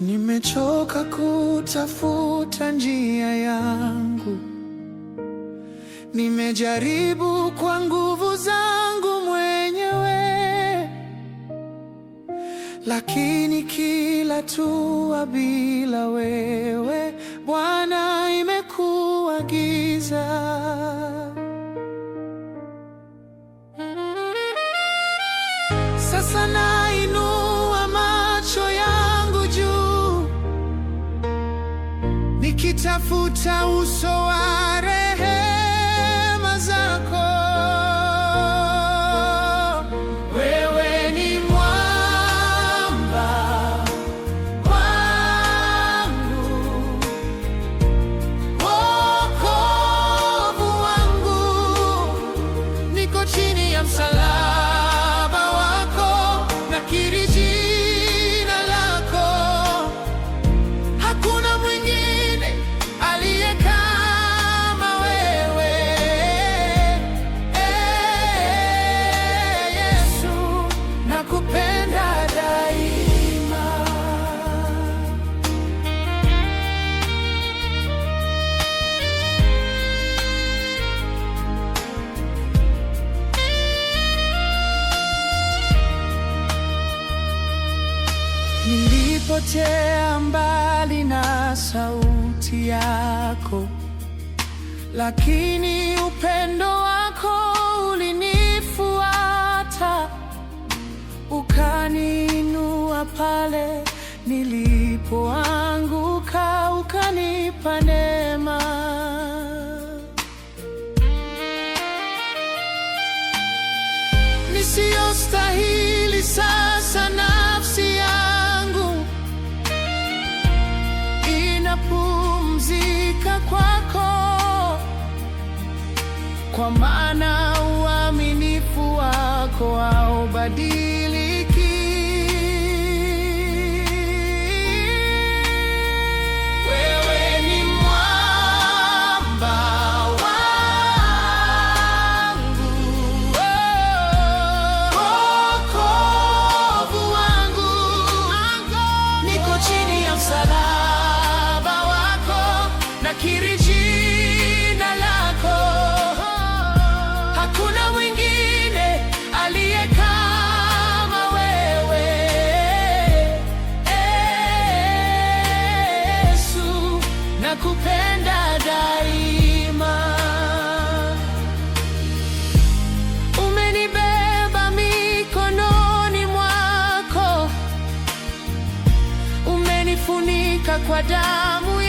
Nimechoka kutafuta njia yangu, nimejaribu kwa nguvu zangu mwenyewe, lakini kila tua bila wewe Natafuta uso wa rehema zako. Wewe ni mwamba wangu, wokovu wangu, niko chini ya msalaba Nimepotea mbali na sauti yako, lakini upendo wako ulinifuata, ukaniinua pale nilipoanguka, ukanipa neema. Nisiyostahili kwa maana uaminifu wako haubadiliki. nimekupenda daima. Umenibeba mikononi mwako, umenifunika kwa damu